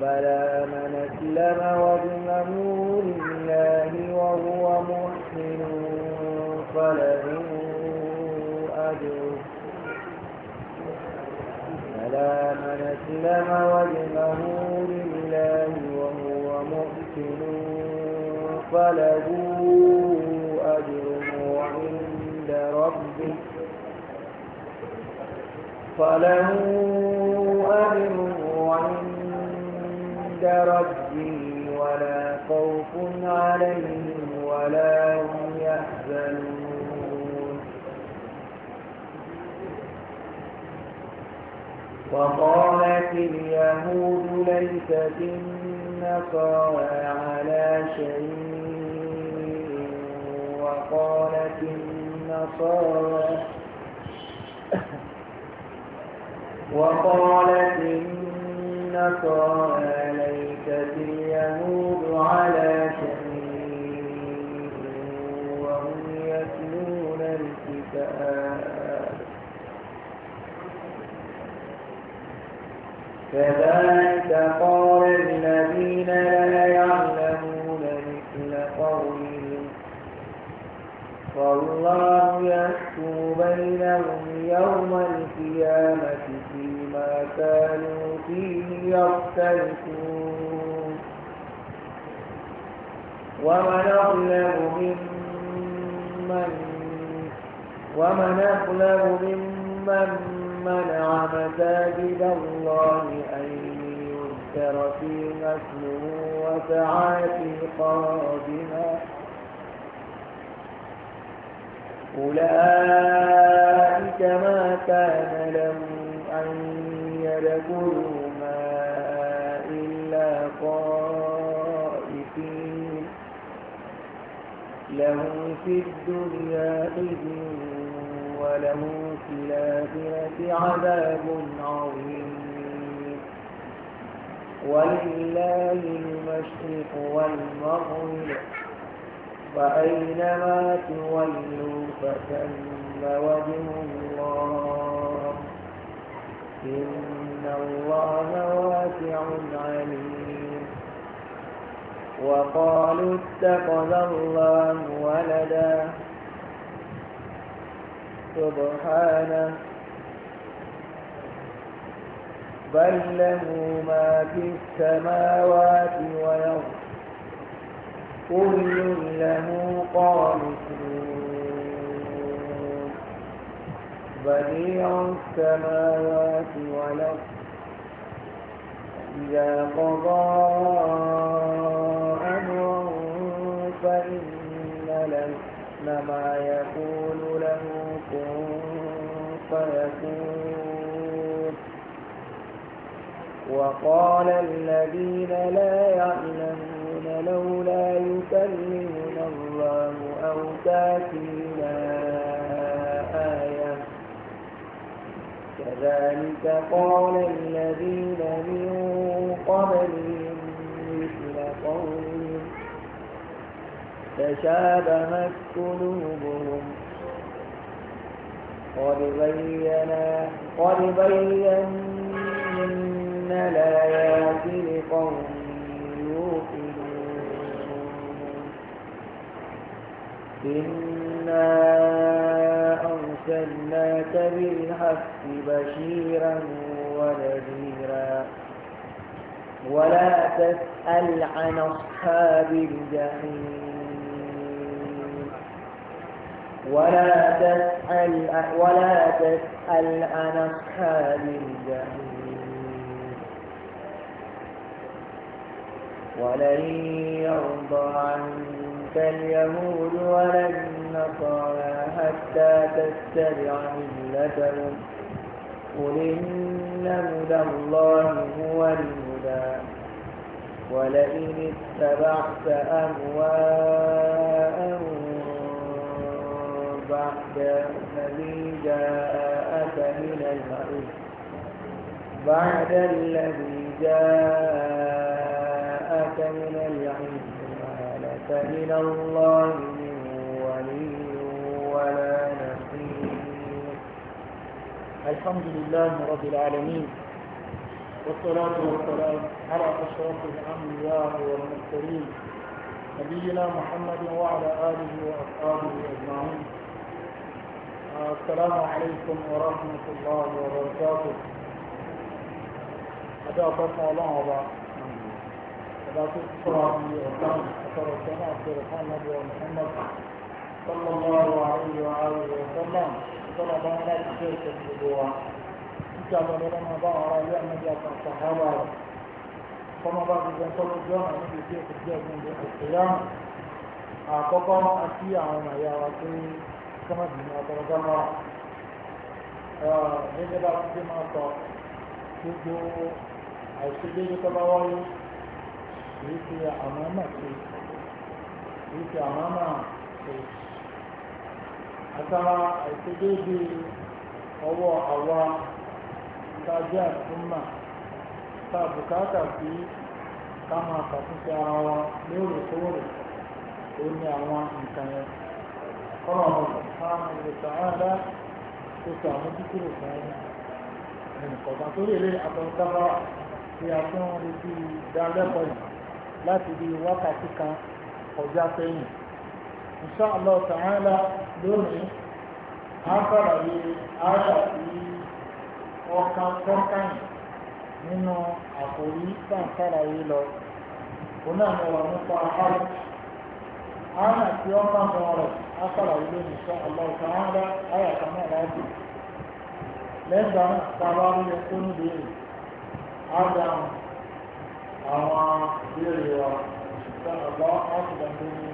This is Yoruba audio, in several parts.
بلى من أسلم وجهه لله وهو محسن فله أجر بلى من أسلم وجهه لله وهو محسن فله أجر عند ربه فله أجر عند ربهم ولا خوف عليهم ولا هم يحزنون وقالت اليهود ليست النصارى على شيء وقالت النصارى وقالت النصارى النصارى ليست اليهود على كذلك ومن أظلم ممن منع مساجد الله أن يذكر فيها اسمه وسعى في قرابها أولئك ما كان لهم أن يدخلوها إلا خائفين لهم في الدنيا إذن وله في الآخرة عذاب عظيم ولله المشرق والمغرب فأينما تولوا فثم وجه الله إن الله واسع عليم وقالوا اتخذ الله ولدا سبحانه بل له ما في السماوات والأرض كل له قانتون بديع السماوات والأرض إذا قضى أمرا فإن لما يقول فيكون وقال الذين لا يعلمون لولا يكلمنا الله أو تاتينا آية كذلك قال الذين من قبلهم مثل قولهم تشابهت قلوبهم قد بينا قد بينا الآيات لقوم يوقنون إنا أرسلناك بالحق بشيرا ونذيرا ولا تسأل عن أصحاب الجحيم ولا تسأل ولا تسأل عن أصحاب الجحيم ولن يرضى عنك اليهود ولا النصارى حتى تتبع ملتهم قل إن هدى الله هو الهدى ولئن اتبعت أهواءهم بعد الذي جاءك من العلم بعد الذي جاءك من العلم ما لك من الله من ولي ولا نصير الحمد لله رب العالمين والصلاة والسلام على أشرف الأنبياء والمرسلين نبينا محمد وعلى آله وأصحابه أجمعين السلام عليكم ورحمة الله وبركاته هذا فرصة الله أبا هذا فرصة الله الله السنة أترى النبي محمد صلى الله عليه وآله وسلم صلى الله عليه وسلم الله وسلم كما لنا ظهر لأن جاءت الصحابة فما بعد أن صلى الله عليه وسلم في القيام أعطانا أشياء ما يعطيه kọ́mọ̀ bí ní ọ̀pọ̀lọpọ̀ náà gẹ́gẹ́ bá ti máa sọ gbogbo àìṣedéédé tó bá wáyé kìí ṣe àmọ́ náà ṣe kìí ṣe àmọ́ náà ṣe àtàrà àìṣedéédé ọwọ́ àwa tájẹ́ àtúmọ̀ tá a bùkátà sí ká máa ṣàtúnṣe ara wa lóòrèkóòrè ó ọlọ́run subhanahu wa ta'ala tó sọ àwọn dúkúrò fún ẹnìkọ̀ọ̀kan torí èlé àtọ̀tọ́lá tí a tún lè fi dá lẹ́kọ̀ọ́ yìí láti di wákàtí kan ọjà sẹ́yìn insha Allah ta'ala lónìí a sàlàyé ara sí ọkàn kọ́kàn nínú àkòrí tá à ń sàlàyé lọ òun náà lọ wà nípa ara ara tí ọkàn gan rẹ̀ afárá ilé nìkan aláwọ̀ kan á dá àyà kan náà láti lẹ́yìn ìgbà náà tá a bá rí ẹ tó níbi èrè á dáhùn àwọn ìbéèrè wa ìṣùgbọ́n àgbà láti dàgbé ní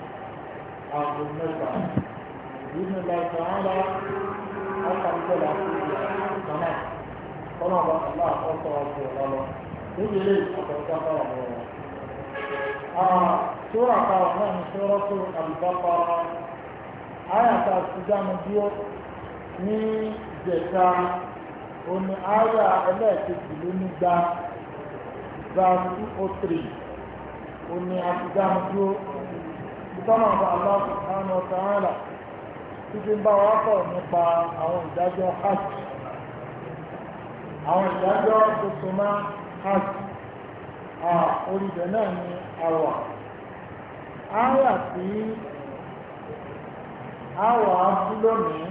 aago mẹ́ta ìdílé láti á dá àkàlùkọ́ láti ìyá kan náà kọ́nà bá aláàkọ́kọ́ ọ̀sẹ̀ ọ̀la lọ níbi ilé àkọ́kọ́ afárá lọ́wọ́. Sura kawo náà ni Sura tó àlùbáfara àyàtà o ní ìjẹta oní àyà ẹlẹ́ẹ̀kejì ló ní gba gbàgbé òtìrì oní àtìdámudúró o ọba aláàbò àwọn ọ̀tá ààlà títí ń bá wa nípa àwọn ìdájọ́ hajj àwọn tuntun hajj orí àwà àwọ̀ afúlọ́mìí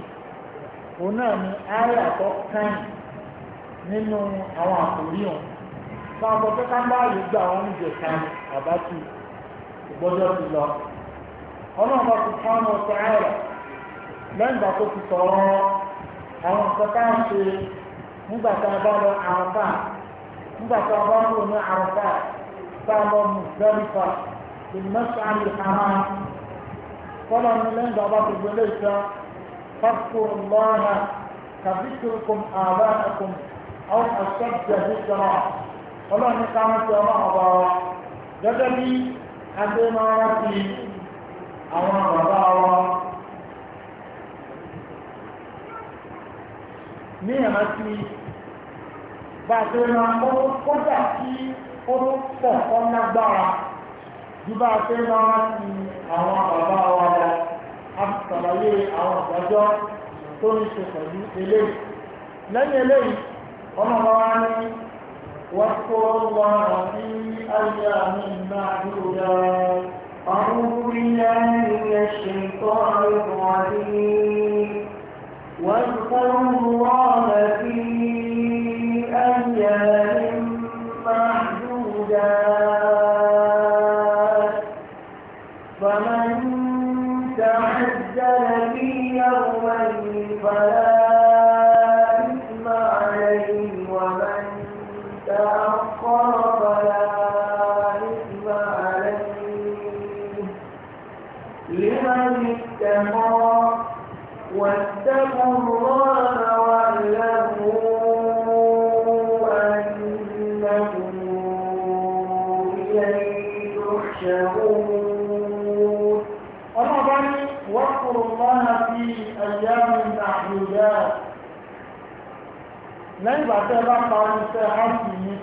òun náà ni ayé àkọ́kàn nínú àwọn àkòrí ọ̀hún fún àwọn bá lè gba àwọn oúnjẹ kan ìgbọ́jọ́ ti lọ ọlọ́run bá ti fún àwọn ọ̀sẹ̀ ayọ̀ lẹ́yìn ìgbà tó ti sọ̀rọ̀ àwọn ń ṣe nígbà a bá lọ àrùnfà nígbà a bá lọ ní a kọ́lá ní lẹ́yìn bàbá gbogbo ilé ìta fásitì lọ́nà kàbíkìrìkùn àbáyàkùn àwọn àṣẹ́jẹ̀ nígbà ọlọ́run ní káwọn ti ọmọ ọba wa gẹ́gẹ́ bí adémọ́ra ti àwọn bàbá wa ní ẹ̀rọ ti bá a ṣe máa kọ́kọ́ kọ́jà kí ó pọ̀ kọ́ ju bá a ṣe máa ti àwọn bàbá wa dá a sàlàyé àwọn ìdájọ́ tó ní ṣe pẹ̀lú eléyìí lẹ́yìn eléyìí ọmọ wa ní واذكروا الله في أيام معدودات أعوذ بالله من الشيطان الرجيم واذكروا الله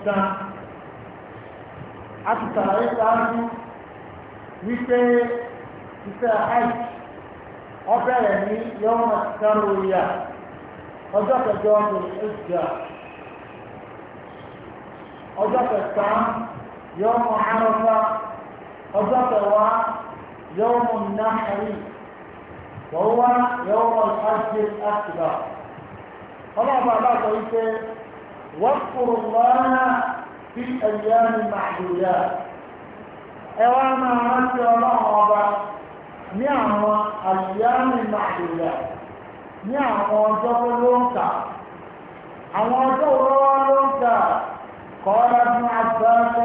gan a ti sàlàyé sáájú wípé iṣẹ́ hajj ọbẹ̀rẹ̀ ní yọ́mọ̀ sẹ́rùyà ọjọ́ kẹjọ ọdún ìjà ọjọ́ kẹsàn-án yọ́mọ̀ arọ́fà ọjọ́ kẹwàá yọ́mọ̀ náhàrí wọ́n wá yọ́mọ̀ hajj àtìgbà ọlọ́ọ̀bà bá wípé واذكر الله في الايام المحدودات اوام عرفت رعب نعم ايام المحدودات نعم اوجب لونك اوجب لونك قال ابن عباس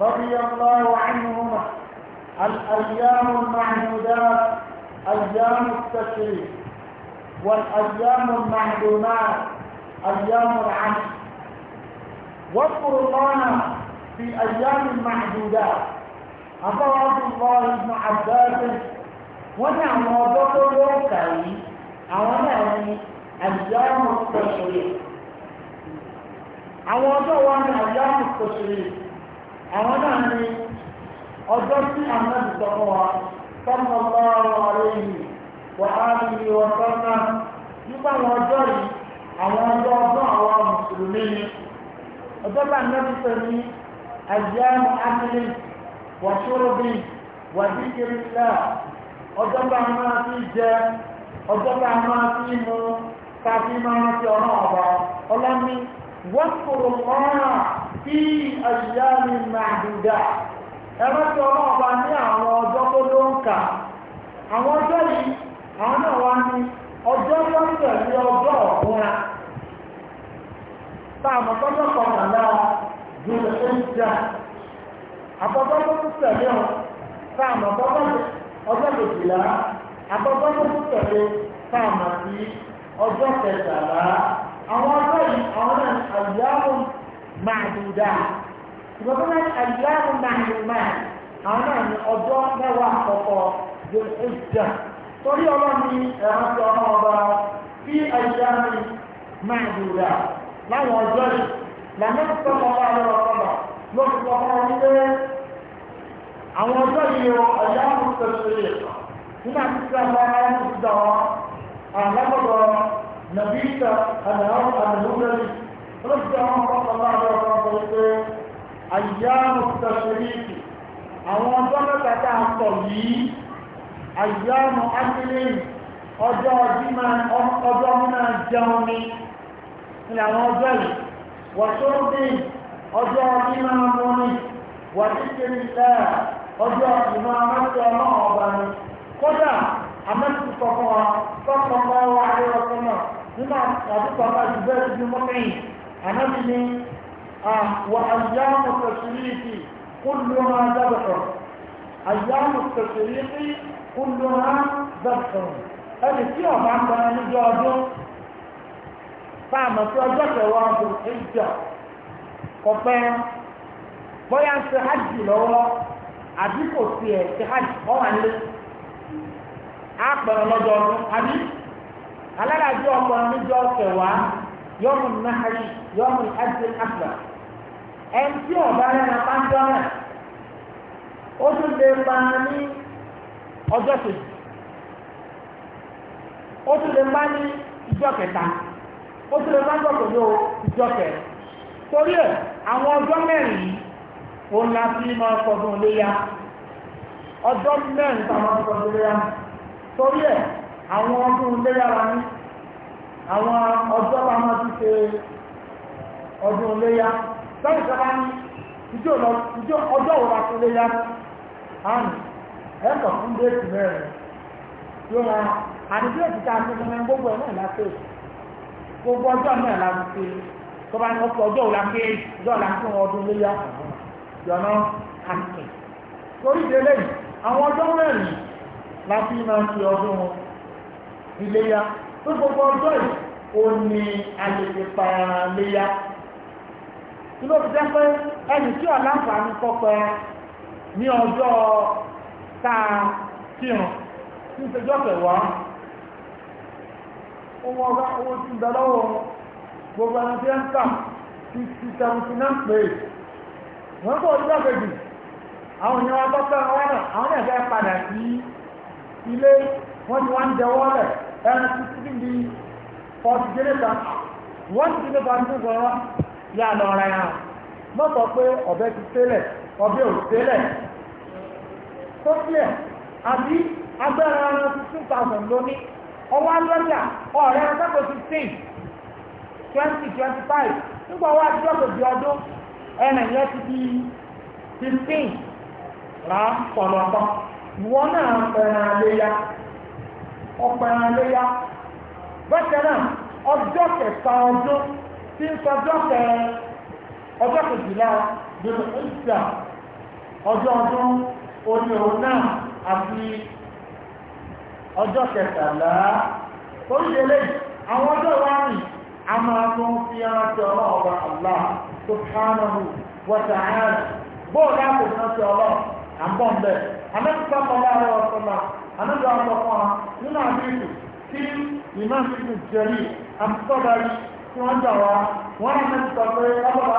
رضي الله عنهما الايام المحدودات ايام التشريف والايام المعدومات ايام العمل واذكروا الله في أيام معدودات أبو عبد الله بن عباس ونعم وضعه يوكي أولا أيام التشريق àwọn ọjọ́ wa ní àyà òṣèré àwọn náà ní ọjọ́ tí àwọn ìsọ̀kan wa tọ́mọ lọ́rọ̀ ààrẹ yìí wà ní ọjọ́ náà nípa ọjọ́ yìí àwọn ọjọ́ ọjọ́ àwọn mùsùlùmí ni ọjọ́bà nẹ́bí sọ ní àjẹ́mù amílì wàṣúrúbì wàdíkìrìlá ọjọ́bà máa fi jẹ ọjọ́bà máa fi mú káfí máa fi ọ̀rọ̀ ọ̀bọ̀ ọlọ́mí wọ́pùrù mọ́ra sí àjẹ́mù màdùdà ẹ̀rọ tí ọ̀rọ̀ ọba ní àwọn ọjọ́ tó ló ń kà àwọn ọjọ́ yìí àwọn náà wá ní ọjọ́ tó ń tẹ̀lé ọjọ́ ọ̀gbọ́n táàmù tọ́jọ́ kọkànlá jùlọ ẹ̀ńtà àkọ́kọ́ tó tún tẹ̀lé ọ táàmù tọ́jọ́ ọjọ́ kejìlá àkọ́kọ́ tó tún tẹ̀lé táàmù sí ọjọ́ kẹtàlá àwọn ọjọ́ yìí àwọn náà àyíyáwó màdùdà ìgbàgbọ́ náà àyíyáwó màdùmá àwọn náà torí ọlọ́ni ẹ̀rọ ti ọmọ ọba sí àyíyáwó màdùdà láwọn ọjọ́ yìí lànà sọ́mọ́ bá lọ́wọ́ sọ́mọ́ ló ti sọ fún ọdún pé àwọn ọjọ́ yìí o ọ̀yá ń tẹ̀sí nígbà tí sí àwọn ará ń ti dà wọn àlágbọ̀dọ̀ nàbí ìta àdáhùn àdàlúgbẹ̀lì ló ti sọ fún ọkọ̀ bá lọ́wọ́ sọ́mọ́ pé àyà ń tẹ̀sí àwọn ọjọ́ mẹ́ta tá a sọ yìí àyà ń akílẹ̀ ọjọ́ ọdún máa jẹun ni ní àwọn ọjọ́ yìí wọ̀ṣọ́dé ọjọ́ mímọ́ mọ́ ní wàdíkiri lẹ́ ọjọ́ ìmọ̀ amẹ́tọ́ náà ọba ni kódà amẹ́tọ́ kọ̀ọ̀kan wa tọ́kọ̀ bá wà lọ́kọ̀ náà nínú àdúgbò ọba jù bẹ́ẹ̀ ti mọ́ kẹ́yìn ànábì ni wà àyàmù tẹ̀síríìtì kúlù fáàmù tí ọjọ́ kẹwàá ọdún ẹjọ kọfẹ bóyá ń ṣe hajj lọ́wọ́ àbí kò tiẹ̀ ṣe hajj ọwà nílé àpẹẹrẹ lọ́jọ́ ọdún àbí alálàájọ ọmọ níjọ́ kẹwàá yọmù nàhàrí yọmù hajj àgbà tí na pàṣẹ rẹ ó tún lè pa ní ọjọ́ kejì ó tún lè pa ní ìjọ kẹta. ó tún lè sáńtọ̀ kò ní ìjọ torí ẹ̀ àwọn ọjọ́ mẹ́rin yìí òun la fi máa sọdún léyà ọjọ́ mẹ́rin tá a máa sọdún léyà torí ẹ̀ àwọn ọdún léyà ní àwọn ọjọ́ bá máa ti ṣe ọdún léyà ní mẹ́rin gbogbo ọjọ́ náà la ti tó bá ní ọkọ̀ ọjọ́ òla pé ọjọ́ òla fún ọdún lórí yọ̀nà àti torí ìdílé yìí àwọn ọjọ́ mẹ́rin la fi máa fi ọdún iléyà tó gbogbo ọjọ́ yìí ó ní àlejò pààrà léyà tí ló jẹ́ pé ẹni tí ọ̀làǹfààní kọ́kọ́ ní ọjọ́ tá a kírun ní ìṣèjọ́ kẹwàá owó ọba owó tí ń bẹ lọ́wọ́ gbogbo ẹni tí ń tà ti ti seventy nine pé wọ́n kọ́ ọdún lọ́kẹ́jì àwọn èèyàn wọn tọ́pẹ́ wọn náà àwọn náà fẹ́ padà sí ilé wọ́n ti wá ń jẹwọ́ rẹ̀ ẹni tí títí di forty gẹ́lẹ́ kan wọ́n ti ní forty two kan wá yá lọ ra yàn mọ́tọ̀ pé ọ̀bẹ ti tẹ́lẹ̀ ọ̀bẹ ò tẹ́lẹ̀ tó tiẹ̀ àbí agbára ọwọ́ alọ́jà ọ̀rẹ́ ọ̀sẹ́kọ̀ọ́ 16 2025 nígbà wá àtijọ́ kò di ọdún ẹnà yẹn ti di fifteen ra pọ̀lọpọ̀ ìwọ náà pẹ̀rẹ̀ léya ọ̀pẹ̀rẹ̀ léya bẹ́ẹ̀ náà ọjọ́ kẹta ọdún tí ń ọjọ́ kejìlá ọjọ́ kẹtàlá oríṣẹ́lẹ̀ àwọn ọjọ́ wáyé a máa tó ń fi rántí ọlọ́ọ̀bá Allah subhanahu wa ta'ala bóòlá kò rántí ọlọ́ọ̀ à ń bọ̀ ń bẹ̀ amẹ́kúta pọ̀lá rẹ̀ ọ̀sọ̀lá amẹ́kúta ọ̀sọ̀kan nínú àbíkù tí imam ibn jẹ́rì àmúsọ̀dárí tí wọ́n jà wá wọ́n á mẹ́kúta pé lábọ̀lá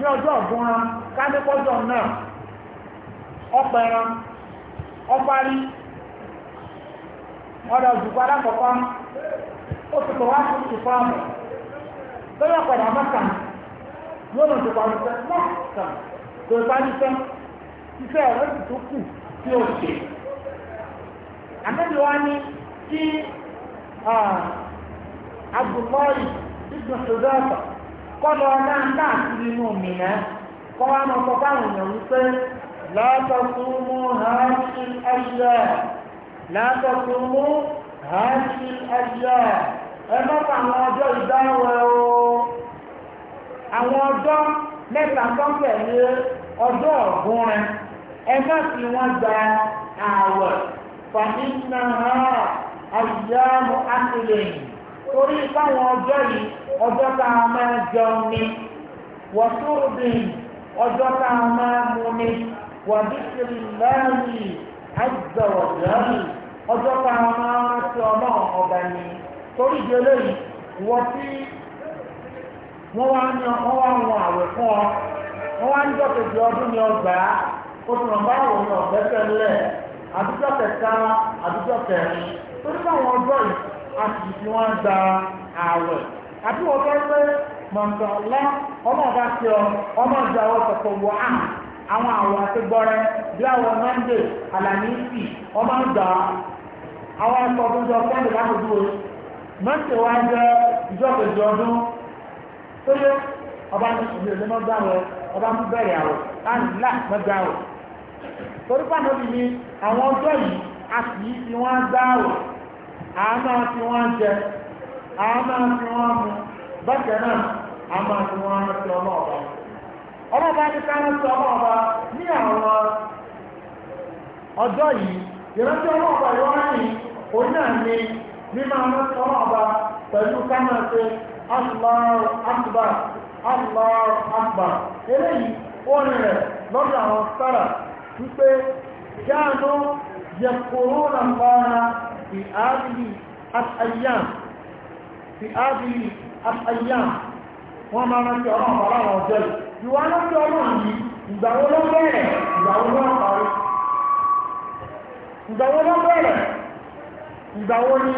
ní ọjọ́ ọ̀gbọ́n ra náà ọpẹran ọparí ọ̀dọ̀ òjùkú alákọ̀ọ́kọ́ ó ti pọ̀ wá fún ìfọ́ọ̀mù lórí ọ̀pọ̀dà mọ́kàn lónà tó kù àmẹ́bí ní ah, kọ́lọ máa káàkiri inú mìnà kọ́ wá mọ sọ fáwọn èèyàn wípé látọ̀tún mú hàájì ẹ mọ́ta àwọn ọjọ́ ìdáwẹ̀ o àwọn ọjọ́ mẹ́ta ní ọjọ́ ẹ wọ́n gba torí báwọn ọjọ́ yìí ọjọ́ tá a máa jẹun ni wọ́túrúbìn ọjọ́ tá a máa mú ni wọ́dísìrì lẹ́yìn àìsọ̀rọ̀dẹ́rì ọjọ́ tá a máa rántí ọlọ́run ọba ni torí ìdí eléyìí wọ́n tí wọ́n wá ń yan wọ́n wọn àwẹ̀ fún ọ wọ́n wá ń jọ́kejì ọdún ní ọgbà ó tún ọgbà àwọn ọ̀gbẹ́sẹ̀ ńlẹ̀ àdúgbò kẹta àdúgbò kẹrin torí báwọn ọjọ́ yìí a sì fi wọ́n gba ààwẹ̀ àbí wọ́n fẹ́ pé mọ̀ntàn lọ ọmọ ọba sí ọ ọmọ ìgbà ọ tọ̀tọ̀ wọ á àwọn àwọ̀ àti gbọ́rẹ́ bí àwọn mọ́ndé àlàníìsì ọmọ ìgbà àwọn ẹ̀kọ́ tó jọ fẹ́ǹdì lábùdú o mọ́ndé wa jẹ́ ìjọ kejì ọdún tó yẹ ọba ní ìlú ìlú mọ́gbà rẹ ọba mú bẹ̀rẹ̀ àwọ̀ láti lá mọ́gbà rẹ torí pàtó ni àwọn ọjọ́ yìí a sì fi wọ́n gbá a máa fi wọ́n jẹ a máa fi wọ́n mu bákan náà a máa fi wọ́n rántí ọmọ ọba ọlọ́ba ní ká rántí ọmọ ọba ní àwọn ọjọ́ yìí ìrántí ọmọ ọba òun náà ní rántí ọmọ ọba pẹ̀lú في هذه الأيام في هذه الأيام wọ́n máa rántí ọlọ́run bá láwọn ọjọ́ yìí ìwà rántí ọlọ́run yìí ìgbàwó ló bẹ̀rẹ̀ ìgbàwó ló parí ìgbàwó ló bẹ̀rẹ̀ ìgbàwó ni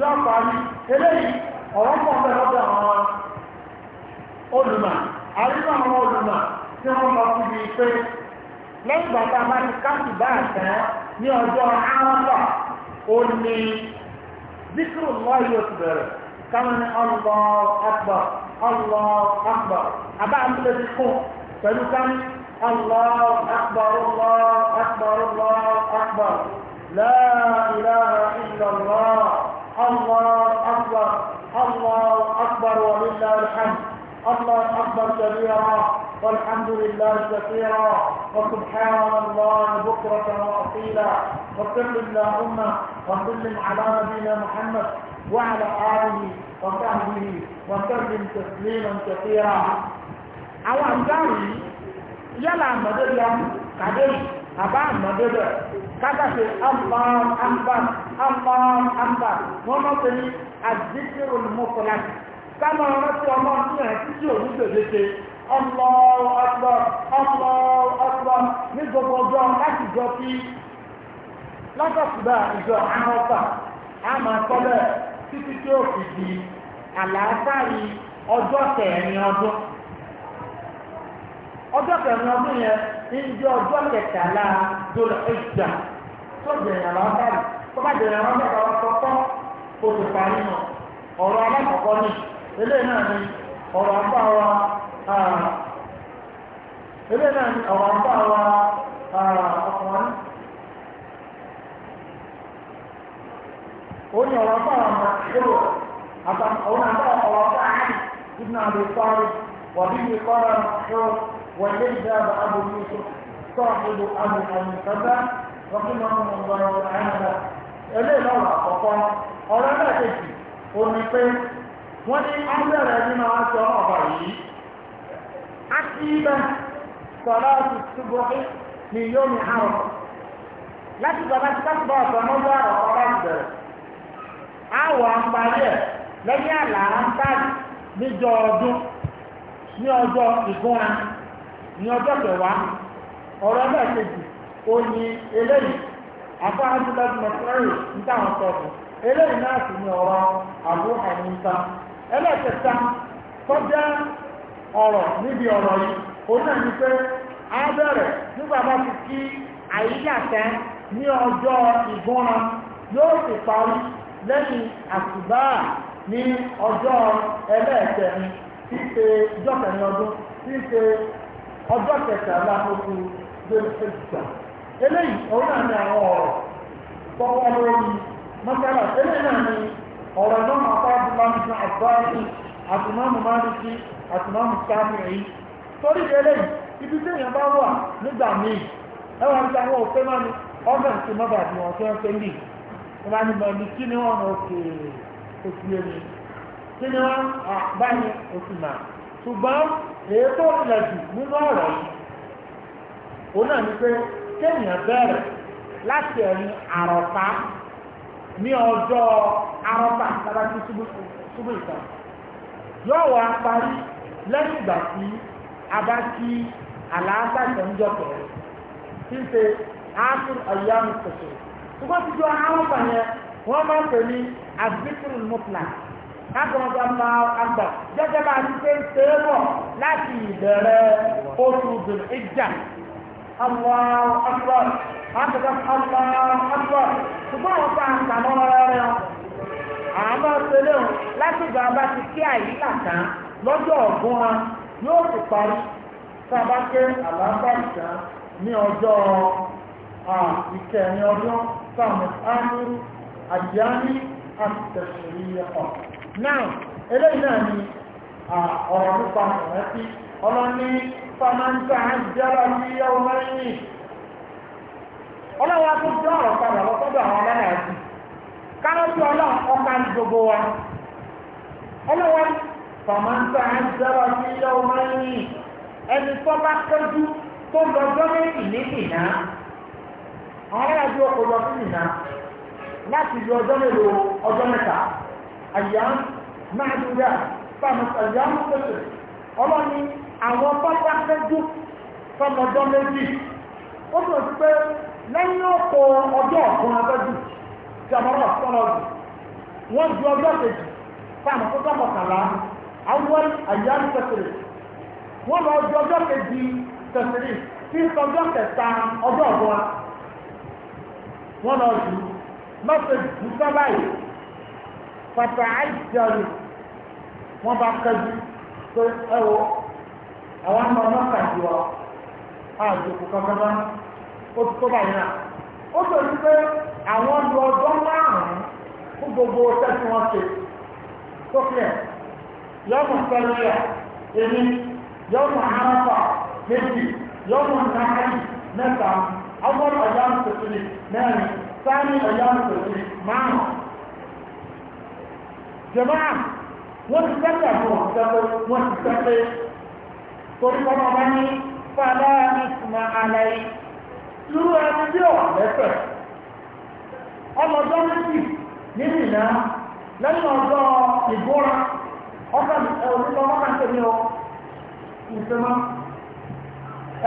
yóò ọzọ eléyìí ọzọ pọ̀ ọzọ lọ́dọ̀ ọjọ́ àwọn قولي ذكر الله أكبر كما الله أكبر الله أكبر أبا عمد الخوف كان الله أكبر الله أكبر الله أكبر لا إله إلا الله الله أكبر الله أكبر ولله الحمد الله أكبر كبيرا والحمد لله كثيرا وسبحان الله بكرة وأصيلا وصل اللهم وسلم على نبينا محمد وعلى آله وصحبه وسلم تسليما كثيرا أو أنجاري يلا مدريا كدري àbá àmọ́débẹ̀ kákàtí Allahu Akbar Allahu Akbar wọ́n mọ́ pé ní àdíkírò mọ́kànlá ká máa rántí ọmọ ní ẹ̀ títí òun gbèdéke Allahu Akbar Allahu Akbar ní gbogbo ọjọ́ a máa tọ́lẹ̀ títí tí ó fi di ọjọ́ kẹrin ọdún ọjọ́ kẹrin ọdún yẹn ń jẹ́ ọjọ́ kẹtàlá dọ́là ẹ̀jà tó jẹ̀yìn ilé ah. náà ni àwọn àpá wa ah, ọkùnrin ó ní ọ̀rọ̀ àpá wa máa kúrò àwọn àpá ọ̀rọ̀ àpá àárín ibùdó àbí sọ́ọ̀rì wàbí ní kọ́ra ṣọ́ wọlé ìjáàbá abu yusuf sọ́ọ̀bù abu alùsọ́dá lọ́kùnrin ọmọ ọgbọ̀n ọ̀rọ̀ àyànlá ilé lọ́rọ̀ àkọ́kọ́ ọ̀rọ̀ ẹlẹ́ẹ̀kejì ó pé wọ́n ní ábẹ́rẹ́ nínú aṣọ ọ̀bà yìí عقيبة صلاة الصبح في yomi عرفة láti bàbá ti ọ̀sán àwọ̀ ẹ̀ lẹ́yìn àlà níjọ ọdún ní ọjọ́ ìgúnra ní ọjọ́ kẹwàá ọ̀rọ̀ ẹgbẹ́ kejì eléyìí ń táwọn eléyìí náà sì ní ọ̀rọ̀ ọ̀rọ̀ níbi ọ̀rọ̀ yìí òun náà ni pé a bẹ̀rẹ̀ nígbà bá ti kí àyíyàtẹ́ ní ọjọ́ ìgúnran yóò sì parí lẹ́yìn àsùbá ní ọjọ́ ẹlẹ́ẹ̀kẹrin tí ṣe ọjọ́ kẹrin ọdún tí ṣe ọjọ́ kẹtàlá oṣù gbèsèjà eléyìí òun náà ni àwọn ọ̀rọ̀ tọ́wọ́ lórí mọ́sálà eléyìí náà ni ọ̀rọ̀ náà máa bá abúlé ní àbáyé àtìmọ́mù máàlìkì àtìmọ́mù sáàmùrì torí gẹ́lẹ́ ibi tí èèyàn bá wà nígbà míì ẹwà ní máa ní ọgbà tí fẹ́ ní kí ni wọ́n òsì kí ni wọ́n òsì mà ṣùgbọ́n èyí tó jù nínú ọ̀rọ̀ yìí náà ní pé kéèyàn yóò wá parí lẹ́yìn ìgbà tí a bá kí àlàáfà ìtọ́njọ́kọ̀ tí ń ṣe áásùn ọ̀yáàmù kòtò ṣùgbọ́n ti jọ àwọn ọ̀pàyẹ wọ́n máa ń pè ní azikirun mutla kákọ̀ọ́dọ̀ máa àgbà gẹ́gẹ́ bá ti ṣe ń ṣe é bọ̀ láti ìbẹ̀rẹ̀ oṣù dùn ìjà Allahu akbar, àtẹ̀kọ́ Allahu akbar, ṣùgbọ́n wọ́n pa àǹkà mọ́ rẹ̀ rẹ̀ àwọn bá o lásìkò ti kí àyíká tán lọ́jọ́ ọ̀gbọ́n wa yóò ti parí sábà àlàáfà ìtàn ní ọjọ́ ìkẹyìn ọdún sáwọn ọrụ àdìyáni àtẹ̀sẹ̀rí ọ̀. náà eléyìí náà ni ọ̀rọ̀ nípa ìrántí ọlọ́ní fámáńtà àjẹ́rọ ní ọmọ ẹ̀yìn ọlọ́wọ́ tó ọ̀rọ̀ padà lọ́sọ́dọ̀ àwọn kárọ́tù ọlọ́run ọ̀ka ní gbogbo wa ọlọ́wọ́ fọmọ́ntà ẹ̀dọ́rọ̀ sí ilé ọmọ yìí ẹni tó bá tọ́jú tó lọ́jọ́ méjì ní ìná àwọn ẹ̀dọ́ ọkọ̀ lọ sí ìná láti ju ọjọ́ mélòó ọjọ́ mẹ́ta àyà máa dúdà fáwọn àyà ń pèsè ọlọ́ni àwọn tó bá tọ́jú fọmọ́jọ́ méjì ó sọ pé lẹ́yìn ọkọ̀ ọjọ́ ọ̀kan abẹ́jù jamara astrology wọ́n ju ọjọ́ kejì fáàmù tó dọ́kọ̀ kàlá àwọn àyàlú tẹ̀sírì wọ́n lọ ju ọjọ́ kejì tẹ̀sírì tí ọjọ́ kẹta ọjọ́ ọ̀gbọ́n wọ́n lọ ju mẹ́sẹ̀jì bùsọ́ báyìí pàtà àìsíọ̀lì wọ́n bá kẹ́jú pé ẹ̀wọ̀ àwọn ọmọ ọmọ kàdùwà àjòkù kankan bá ó ti tó báyìí náà ó sọ sí pé àwọn lu ọdún márùn-ún fún gbogbo ọṣẹ́ tí wọ́n ṣe tó fi ẹ̀ yọmọ sẹ́lẹ̀yà èmi yọmọ aráfà méjì yọmọ nàárì mẹ́ta ọgbọ́n ọ̀yá mùsùlùmí mẹ́rin sáàmì ọ̀yá mùsùlùmí márùn-ún jẹ̀máà wọ́n ti sẹ́kẹ̀ fún ọ̀sẹ́kọ̀ wọ́n ti sẹ́kẹ̀ torí kọ́mọ bá ní fàlẹ́ ìsìnmọ̀ àlẹ́ yìí lúrú ẹni bí ọ̀wà lẹ́sẹ̀ ọmọdé méjì nínú ìná lẹ́yìn ọjọ́ ìbúra ọkàn onítọ̀ ọkàn tèmi ọ ìsinmi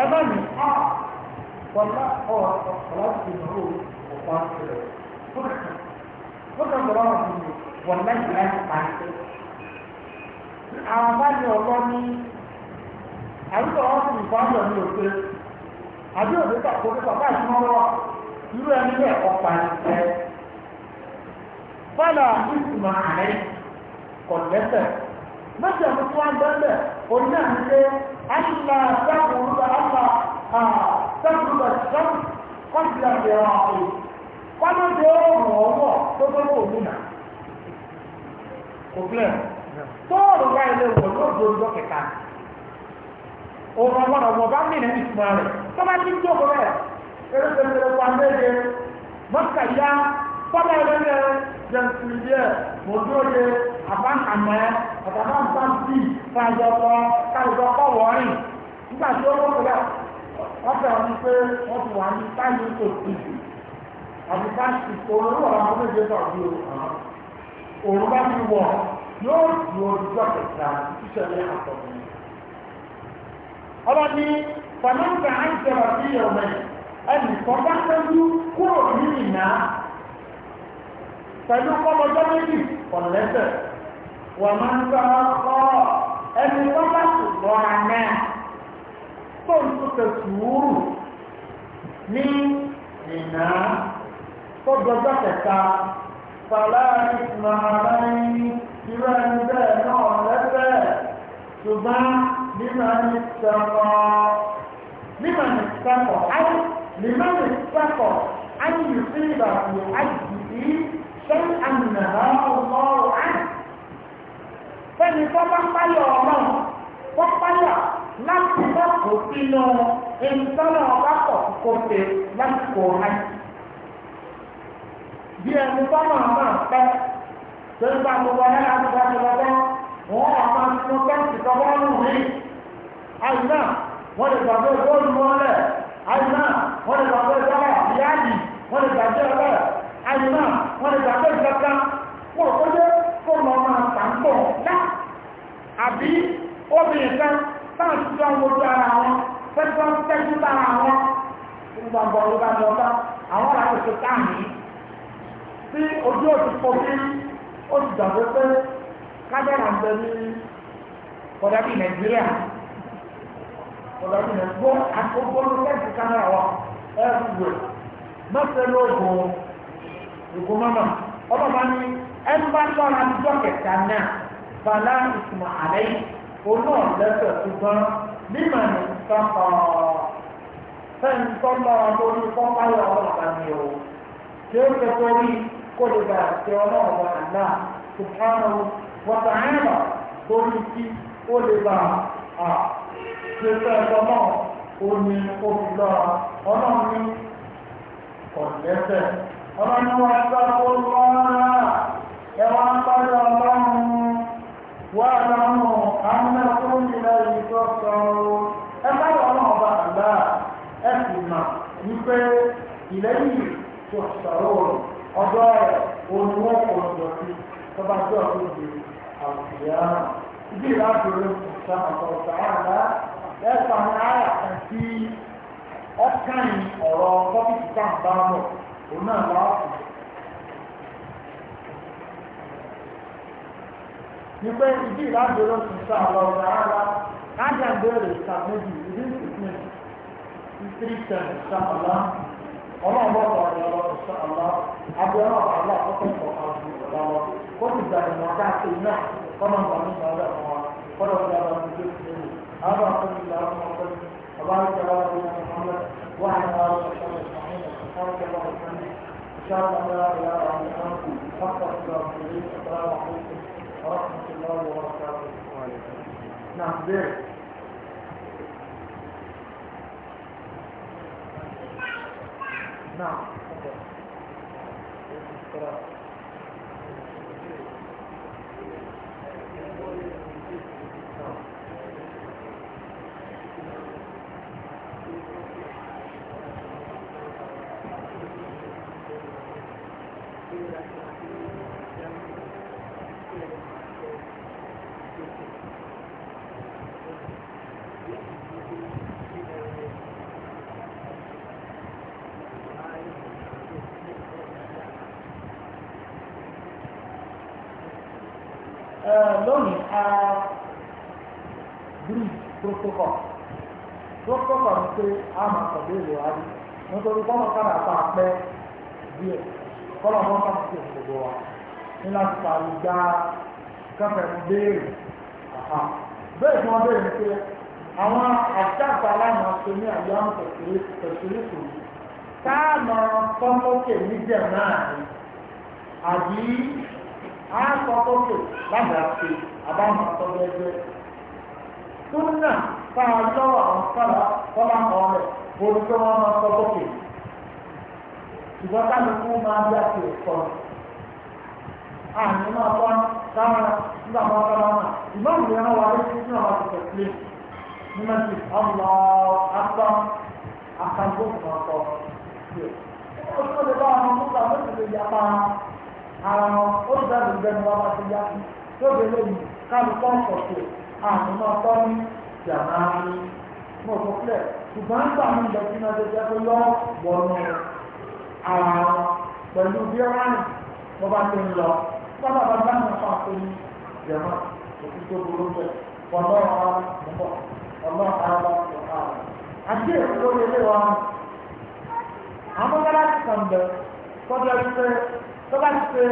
ẹgbẹ́ mi á pọ̀lá ọ̀rọ̀ ọ̀pọ̀lá ti fi ìnáwó ọ̀pá sílẹ̀ fúnkàn tó lọ́wọ́ fún mi wọ̀n lẹ́yìn láti pa sí àwọn bá ní ọlọ́ ní àrùtọ̀ ọ̀sùn ìfọ̀ọ́sọ̀ àbí òní pàtó pé bàbá ìsúná lọ irú ẹni bẹ́ẹ̀ ọ̀pá ẹni tẹ́ fọlá ìsúná àárẹ̀ kọ̀ lẹ́sẹ̀ mẹ́sẹ̀ mi tún á bẹ́ẹ̀ òní náà ní pé àṣìlá sábùrù àṣà sábùrù sábùrù kọ́ńtìlá ti rán àpè kọ́ńtà ti rán ọ̀wọ́ tó tó kò múnà kò fílẹ̀ tóòrò wá ilé wọ̀ lóòjó ọjọ́ kẹta òun ọmọ ọmọ bá mìíràn ìsúná rẹ̀ tó bá ti ń jókòó rẹ̀ erékeré wa léde mọ́tà yá tọ́lá ẹlẹ́lẹ́ jẹ̀nsìlẹ̀ mọ́tòlè àbáhàmẹ́ àtàbáńtàǹtì fàyọ̀kọ káyọ̀kọ wọ̀ọ́rìn nígbà tí ó kọ́kọ́ rẹ̀ ọ̀fẹ́ ọ̀hún pé wọ́n ti wà ní táyé tó ti àbúkà ti òun ló wà láwọn méje tó àbí òun bá ti wọ̀ yóò ju olùdókòtà ìṣẹ̀lẹ̀ àtọ̀kùn. ọlọ́ni fàlọ́ǹkà á ń jẹba sí ọmọ ẹ̀ ẹnì kan bá tẹ́jú kúrò ní ìná pẹ̀lú kọ́mọjọ́ méjì ọ̀lẹ́sẹ̀ wọ́n máa ń sọ ọ́ ẹni wọ́n bá sì lọ àná tó ń tún ẹni bẹ́ẹ̀ náà lẹ́sẹ̀ ṣùgbọ́n nínú ẹni tẹ̀wọ́n. اتقى أي لمن اتقى أن يصيب في أجله شيئا نهاه الله عنه fẹ́ni tó bá páyọ̀ ọlọ́run tó páyọ̀ láti bá kó sínú ìtọ́nà ọ̀pápọ̀ kó ṣe lásìkò hajj. bí ẹni tọ́nà náà pẹ́ tó ń gbogbo ọ̀rẹ́ láti bá ti wọ́n wà máa ń tún bẹ́ǹtì tọ́gbọ́n rù mí. àyùnà wọ́n lè gbàgbé bọ́ọ̀lù mọ́lẹ̀ àìmá wọ́n lè gbàgbé dáwà yáàdì wọ́n lè gbàgbé ọ̀rẹ́ àìmá wọ́n lè gbàgbé ìjọba wọ́n kó jẹ́ kó mọ máa tàǹpọ̀ dá àbí obìnrin kan táà ti jọ àwọn ojú ara wọn fẹ́tọ́ tẹ́jú lára wọn nígbà bọ̀ ló bá lọ́ba àwọn ará oṣù táàmì tí ojú oṣù kọfí ó ti dàgbé pé kájọ́ra ń ní kọ̀dá bíi nàìjíríà ọ̀làjú náà gbọ́ agbọ́gbọ́n lẹ́sìn kámẹ́rà wa ẹ̀rùwẹ̀ mẹ́sẹ̀ lóògùn ògùn mọ́mọ́ ọlọ́ba ní ẹnba tọ́ra níjọ́ kẹta náà bala ìtumọ̀ àlẹ́ yìí oná lẹ́sẹ̀ ṣùgbọ́n mímọ̀ ní sọ́kọ̀ fẹ́ǹ tọ́lọ́ lórí kọ́kọ́lọ́ ọlọ́ba ní o tí ó ṣe torí kó lè bá ṣe ọlọ́ọ̀bọ àná ṣùgbọ́n wọ́n ṣe fẹ́ ọlọ́run ó ní ó fi lọ́ra ọlọ́run ní ọ̀lẹ́sẹ̀ ọlọ́run ní wọ́n sá kó lọ́ra ẹ wá ń parí ọlọ́run wá lọ́rùn amúnẹ́kùn ilẹ̀ ìjọ sọ̀rọ̀ ẹ bá ọlọ́run ọba àgbà ẹ sì mà wípé ìlẹ́yìn tó sọ̀rọ̀ ọjọ́ rẹ̀ olùwọ́ ọ̀dọ̀ sí tọ́ba jọ́ ọdún ìdè àwùjọ ìdí ìlà àbúrò ìṣàmọ̀tọ̀ ọ̀tà àgbà lẹ́sọ̀ àwọn ará kan tí ọ̀kan ọ̀rọ̀ kọ́fíìsì kan bá bọ̀ òun náà lọ́wọ́ fún un. ní pé ìdí ìlàjọ́rọ̀ ti sọ àwọn ọ̀rọ̀ ara láti àgbẹ̀rẹ̀ ìsàmójì ìdí ìsìnkú ìsìnkú ìsàmọ́lá ọlọ́ọ̀bọ̀tọ̀ ọ̀rọ̀ ìsàmọ́lá abẹ́rẹ́ ọ̀rọ̀ àkọ́kọ́ ọ̀rọ̀ ọ̀rọ̀ kó ti gbà ìmọ̀ dáa sí kọ́nà ọ̀rọ̀ nígbà هذا صلى الله رب العالمين وبارك على نبينا محمد وعلى اله وصحبه اجمعين سبحانك اللهم وبحمدك اشهد ان لا اله الا انت استغفرك السلام عليكم ورحمه الله وبركاته نعم زين نعم السلام á máa sọ béèrè wa rí nítorí kọ́nà kọ́nà àpá pẹ́ díẹ̀ kọ́nà wọn kọ́nà sí òṣogbo wa ní láti parí gbá kẹfẹ́ mu béèrè bẹ́ẹ̀ tí wọ́n béèrè ní pé àwọn àjáǹtà aláìmọ̀ ṣe ní àyè àwọn tẹ̀sílẹ̀ kò ní táàmù tọ́mọ́kè níjẹ̀ náà ni àbí àtọ́tọ́kè lábàá ṣe àbámu àtọ́jọ́ ẹgbẹ́ tó náà sáà lọ́wọ́ àwọn sábà kọ́lá kan rẹ̀ borí pé wọ́n máa sọ lókè ṣùgbọ́n kálukú máa bí àti ìsọ̀rọ̀ àmì máa bọ́ sáwọn nígbà máa bá máa ìmọ̀ ìrìnà wà lé ní àwọn àtẹ̀tẹ̀ sílé ní mẹ́tì ọ̀lọ́ àgbà àkàndó ìmọ̀tọ̀ sílé. ó tún lè bá àwọn mọ́tà lóṣù lè yapa ara wọn ó sì bẹ́ẹ̀ ni wọ́n bá ti yá tó lè lè kálukú ọ̀pọ̀ sí àmì máa bọ́ ní jàmáàmì mọ̀ sọ pẹ́ ṣùgbọ́n nígbà mi lọ sí máa jẹjẹ pé yọ wọnú ara pẹ̀lú bí ọ̀rán wọn bá ti ń lọ sábà bá bá mi fà pé ní jẹ̀mọ́ òkú tó burú bẹ̀ ọ̀dọ́ ara mọ̀ ọ̀dọ́ ara bá ti wà á. àti èrò lórí ilé wa àwọn bá láti kàn bẹ̀ kọjá wípé tó bá ti ṣe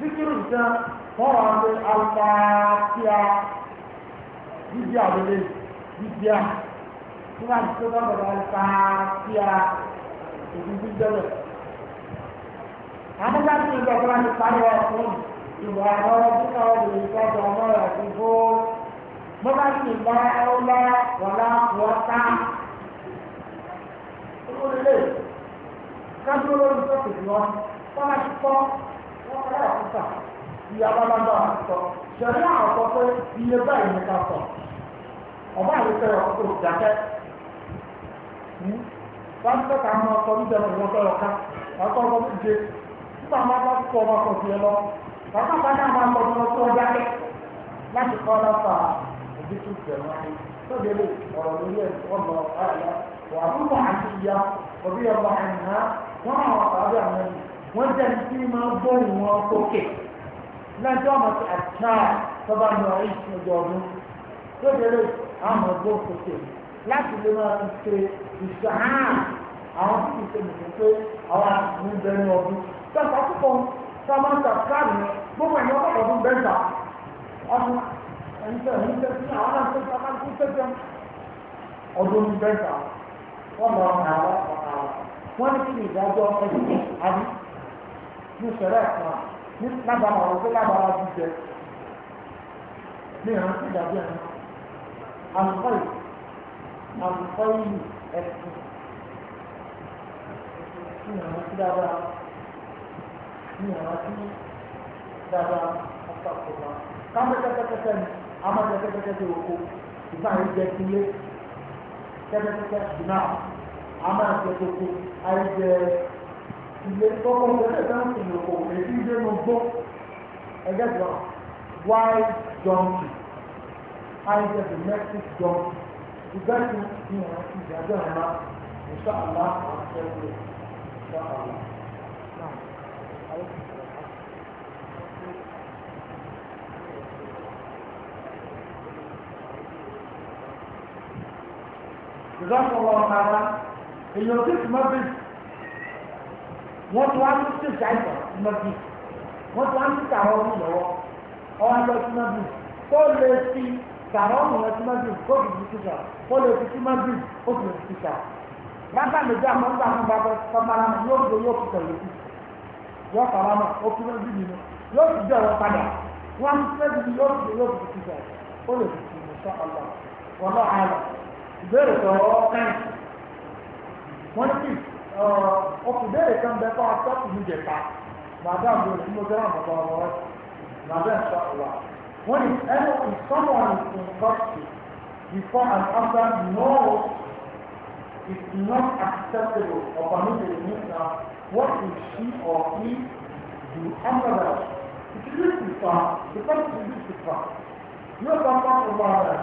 díkìrì ìjẹun fọ́ọ̀rọ̀ àwọn àgbà tí a jíjí àwọlé jíjí à tí wọ́n ti tó bá bọ̀dọ̀ sáà sí a òkú jíjẹ́ lọ. àmúgbà tí ìjọ tó bá ti parí ọkùnrin ìwà ọ̀rọ̀ títà ọ̀rọ̀ ìtọ́jú ọmọ rẹ̀ ti bó bó bá ti bá iye abálágbà sọ ṣẹlẹ̀ àwọn sọ pé iye báyìí ní sọ ọba àlùfẹ ọkọ ìdákẹ́ pásítọ̀ hmm? kà mọ ọkọ ní ìjọba ìwọ sọ̀rọ̀ ọkọ ọkọ ti nípa máa bá kọ ọmọ ọkọ tiẹ̀ lọ bàbá bá náà máa kọ ọmọ tó ọjà láti kọ́ lọ́fà òbí tó bẹ̀rù wáyé tó délé ọ̀rọ̀ lórí ẹ̀ ọ̀gbọ̀n ọ̀rọ̀ wà fún àti ìyá òbí ọba àìmọ́ wọn wọ́n máa gbóhùn wọn sókè lẹ́jọ́ ọmọ ti àtúnáà tó bá lọ rí ìṣẹ́jọ ọdún tó délé àwọn ọgbọ́n sókè láti lè máa fi ṣe ìṣàhán àwọn tí kì í ṣe nìkan pé àwọn àtúnú bẹ́ẹ̀ ní ọdún tọ́ta púpọ̀ sọ́mọ́ sọ̀tàkárì ni gbogbo ẹ̀yọ́ kọ̀ọ̀kan ọdún bẹ́ẹ̀ ta ọdún ẹ̀ńtẹ̀ ẹ̀ńtẹ̀ sí àwọn àti ọdún bẹ́ẹ̀ ta wọ́n lọ àwọn ọ̀kà wọ́n ní kí ni ìdájọ́ ẹ̀sìn àbí ní sọ̀rọ̀ ẹ̀kọ́ lábàrá ọ̀rọ̀ tó lábàrá jíjẹ ní ìrántí ìdàbí ẹ̀rọ alùpàì alùpàì ẹ̀sìn ní ìrántí dáadáa ní ìrántí dáadáa ọ̀pọ̀lọpọ̀ káwọn kẹ́kẹ́kẹ́kẹ́ ni a máa jẹ kẹ́kẹ́kẹ́kẹ́ oko ìgbà yẹn jẹ kílé kẹ́kẹ́kẹ́kẹ́ dùnà a máa jẹ kókó ayé jẹ ìgbé kọ́kọ́ ìgbésẹ̀ tó ń sìn òkò èyí ìgbé mo gbó ẹgbẹ́ jọ white donkey àìsàn domestic donkey ìgbà tí ní àwọn ti ìdájọ́ ẹ̀ma ìṣọ́ àlá àṣẹ ìwé ìṣọ́ àlá. Ìjọba ọ̀la ọ̀tara èèyàn tó ti máa bẹ̀rẹ̀ wọ́n tún wá sí ṣàìsàn mọ́bí wọ́n tún wá sí tàwọn ọmọ lọ́wọ́ ọwọ́ ẹgbẹ́ sí mọ́bí kó lè fi tàwọn ọmọ rẹ sí mọ́bí kó lè fi ṣíṣà kó lè fi sí mọ́bí kó lè fi ṣíṣà rábà méjì àmọ́ nígbà fún bàbá kọ́mọ́ra mọ́ yóò gbé yóò fi tẹ̀lé sí yóò kọ́ra mọ́ ó fi mọ́bí nínú yóò fi dé ọ̀rọ̀ padà wọ́n á fi mọ́bí ọkùnbẹ̀rẹ̀ kan bẹ fún akẹ́kọ̀ọ́ ní jẹta madam ló ní mo jẹ́rán bàbá ọmọ rẹ madam ṣàkóso wọ́n ní ẹnu someone is in custody before and after no is not acceptable or permitted in Islam what is she or he do under that ìtìlẹ̀ ìfà because ìtìlẹ̀ ìfà yóò tọ́ ọmọ ọmọ rẹ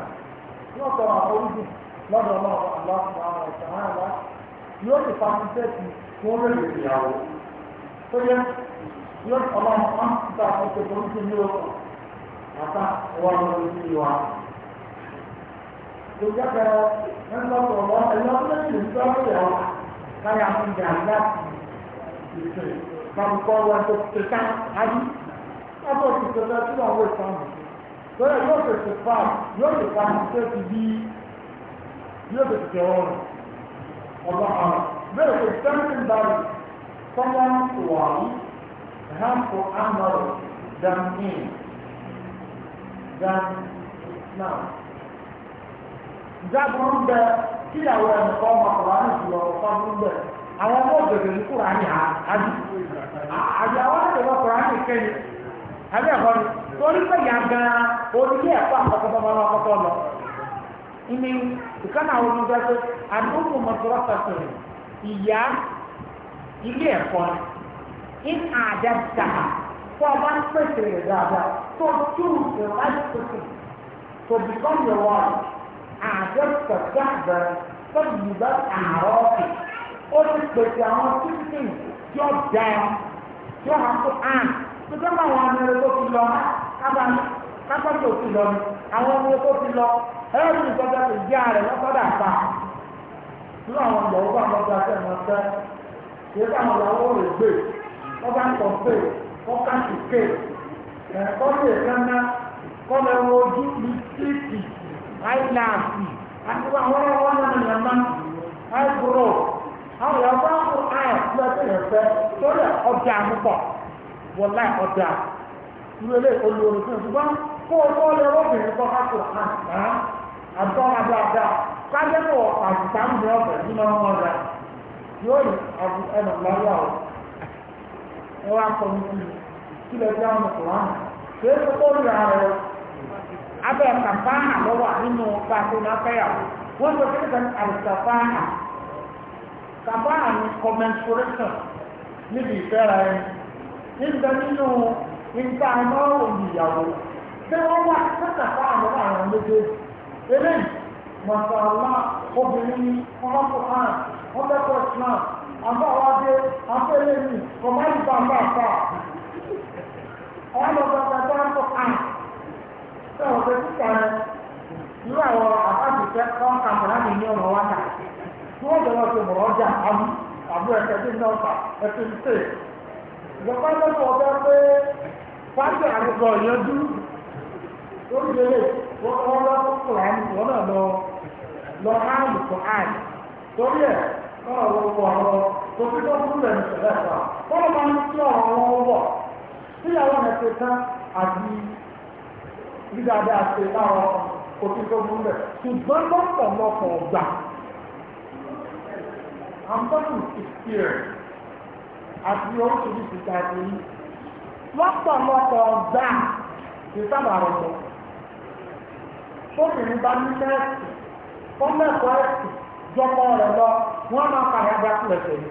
yóò tọ́ àforíjì lọ́dọ̀ ọlọ́run aláàbò àwọn ọ̀sán náà yóò ti fa ṣiṣẹ́ ti fún rẹ̀ ìyàwó tó yẹ yóò ti ọlọ́run máa ń ta ọkọ̀ tó ń ṣe ní ọkọ̀ àtà ọwọ́ àwọn ọmọdé ti wà. Ìjọba kẹrọ nígbà tó lọ ẹ̀yọ́ lẹ́yìn ìjọ ìyàwó káyà fún ìjà láti ìṣe kàbùkọ́ wọn tó ti ká ayé. Ẹ̀fọ́ ti ṣe fẹ́ tí wọ́n wé sàn mí. Lọ́yẹ̀ yóò ti ṣe yóò ti fa ṣiṣẹ́ ti bí yóò ti ṣe ọrùn. Allah Allah. Therefore, something that someone was harmful amoral than him, than Islam. Ìjábọ̀ ń bẹ kí àwọn ẹnìkan ọmọ Kùránì jùlọ ọ̀pá ń bẹ. Àwọn ọmọ òbèrè ní Kùránì àájú. Àjọ àwọn ẹ̀rọ Kùránì kẹ́yìn. Ẹgbẹ́ ẹ̀kọ́ ni, torí pé ìyá gan-an, orí ẹ̀kọ́ àkọ́kọ́ bọ́bá wọn kọ́kọ́ lọ. Ìní ìkànnì àwọn ọmọ ìgbà pé àdúgbò mọ̀tòrọ̀ pàtàkì ìyá ilé ẹ̀kọ́ in àdàbà tó o bá ń pèsè rẹ̀ dáadáa tó o choose the right person to become your wife àdàbà dáadáa tó o yìí bá àárọ̀ ọ̀fẹ́ ó ti pèsè àwọn títí tí ó dáa tí ó hàn tó hàn tó dábàá wọn ní ẹgbẹ́ tó fi lọ kábàámi kápẹ́tò ti lọ ni àwọn ọmọ tó ti lọ ẹ̀rù ìgbọ́dọ̀ lè jẹ́ ààrẹ lọ́sọ́dà pa nínú àwọn ìyàwó bá lọ́dọ̀ àti ẹ̀wọ̀n tẹ́ kí ẹ̀ka àwọn ìyàwó rẹ̀ gbé wọ́n bá ń kọ̀ pé wọ́n ká sì ké ẹ̀kọ́ lè kánná kọ́ lè wo ojú ní tíìtì áìláàfì àti àwọn ọlọ́wọ́ náà ní ẹ̀ma áìbúrò àwọn ìyàwó bá kó àìsí ẹ̀fẹ́ ẹ̀fẹ́ sórí ọjà àmúpọ̀ wọ́n láì ọjà ìrẹ̀lẹ̀ olùwòrán fún ẹ̀ fún ọkọ lọ́wọ́ kọ́ ká kò hàn ná àtọ́ra dáadáa kájẹ́pọ̀ àgùntà ń bẹ ọ̀bẹ nínú ọmọ rẹ̀ yóò ní ẹnà lọ́wọ́ àwọn ẹ wá kọ́ ní kí lè dá ọmọ kò hàn kí ló kó rí ara rẹ̀ abẹ́ kàfáhà lọ́wọ́ nínú pàṣẹ náà fẹ́yàwó wọ́n sọ pé kí àlùkàfáhà kàfáhà ní commensuration níbi ìfẹ́ra ẹni nígbà nínú nígbà náà òyìnbó ṣé wọ́n wà sẹ́tà fáwọn àwọn méjèèjì eléyìí mọ̀sálá obìnrin ni wọ́n kọ́ hàn wọ́n bẹ́kọ̀ islam àbáwádé afẹ́lẹ́ mi ọmọ ìgbà àbáfà ọmọ bàbá bá ń kọ́ hàn sọ̀rọ̀ pé kíkà rẹ̀ irú àwọn àbájúfẹ́ kọ́ kàmùrán mi ní ọ̀nà wa kà tí wọ́n bẹ̀rẹ̀ ọ̀sẹ̀ mọ̀rọ̀ ọjà àbú àbú ẹ̀kẹ́ tí ń náà kà ẹ̀kẹ́ ń sè ìjọba pé fáńtì àgbẹ̀kọ̀ ìyẹn ó ń gbélé wọ́n lọ kùrán wọ́n náà lọ lọ áàlù kọ áàlù torí ẹ̀ náà lọ wọ ọ̀rọ̀ kò sí tó fún lẹ́nu sọ̀rọ̀ ẹ̀fà wọ́n lọ máa ń tí ọ̀rọ̀ wọn wọ̀ síyàwó ẹ̀ ṣe tán àti dídáadáa ṣe láwọn kò sí tó fún lẹ̀ ṣùgbọ́n lọ́pọ̀lọpọ̀ ọ̀gbà àǹtọ́kùn experience àti oríṣiríṣi ta ti rí ti sábà rọ̀ tóbìnrin bá ní nẹ́ẹ̀sì fọ́mẹ́kọ̀ọ́ ẹ̀sì jọpọ̀ rẹ̀ lọ wọ́n máa padà bá tilẹ̀ tẹ̀lé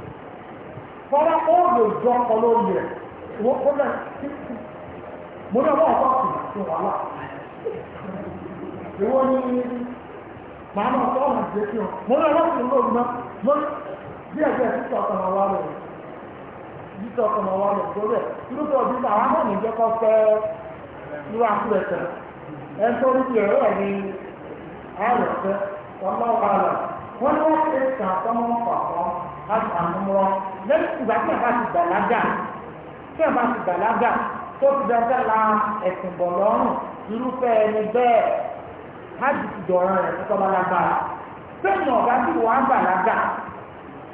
fọ́lá óòdò jọpọ̀ lórí rẹ̀ wọ́n kó náà mo náà wọ́n kọ́ sí sí wàhálà ìwọ ni màá máa tọ́ ọ̀nà ìdè sí ọ mo náà wọ́n sì ń lò lùmọ́ mo díẹ̀ díẹ̀ títí ọ̀kan àwa rẹ̀ títí ọ̀kan àwa rẹ̀ tó rẹ̀ irúfẹ́ ọdún náà àwọn àmọ́ ìjọkọ̀ fẹ́ ẹ̀kọ́ rúkì ọ̀rọ̀ ẹ̀ ní àròsẹ́ ọlọ́wàlà wọn ní wọ́n ti kà sọ́mọ́ pàpọ̀ àtàmúrọ̀ lẹ́yìn ìgbà tí a bá ti bàlágà tí a bá ti bàlágà tó ti dáadáa la ẹ̀sìn bọ̀ lọ́rùn irúfẹ́ ẹni bẹ́ẹ̀ hajj ti dọ̀rọ̀ rẹ̀ tó bá lágbára sẹ́yìn ọ̀gá tí wọ́n á bàlágà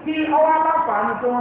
tí ọwọ́ aláǹfààní tó wọ́n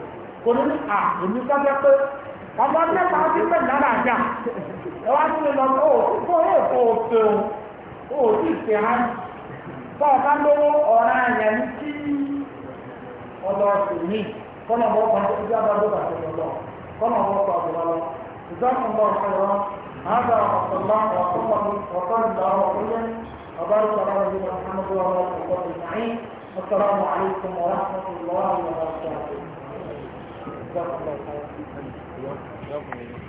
kò ní à èmi sábẹ́ pé ọmọ mẹ́ta ti pẹ̀ náírà jà ẹ wá sí lọ kó kó yẹ kó o fẹ́ràn kó o sì fẹ́ hàn bọ́ ọ bá lówó ọ̀rá yẹn ní kí ọlọ́ọ̀sì mi kọ́nà bọ́ ọkọ̀ tó ti bá dọ́gba tó lọ kọ́nà bọ́ ọkọ̀ tó lọ ìjọba ń bọ̀ ọ̀sẹ̀ lọ هذا وصلى الله وسلم وقال الله وسلم وبارك على نبينا محمد وعلى اله وصحبه اجمعين والسلام عليكم ورحمه الله وبركاته Thank you.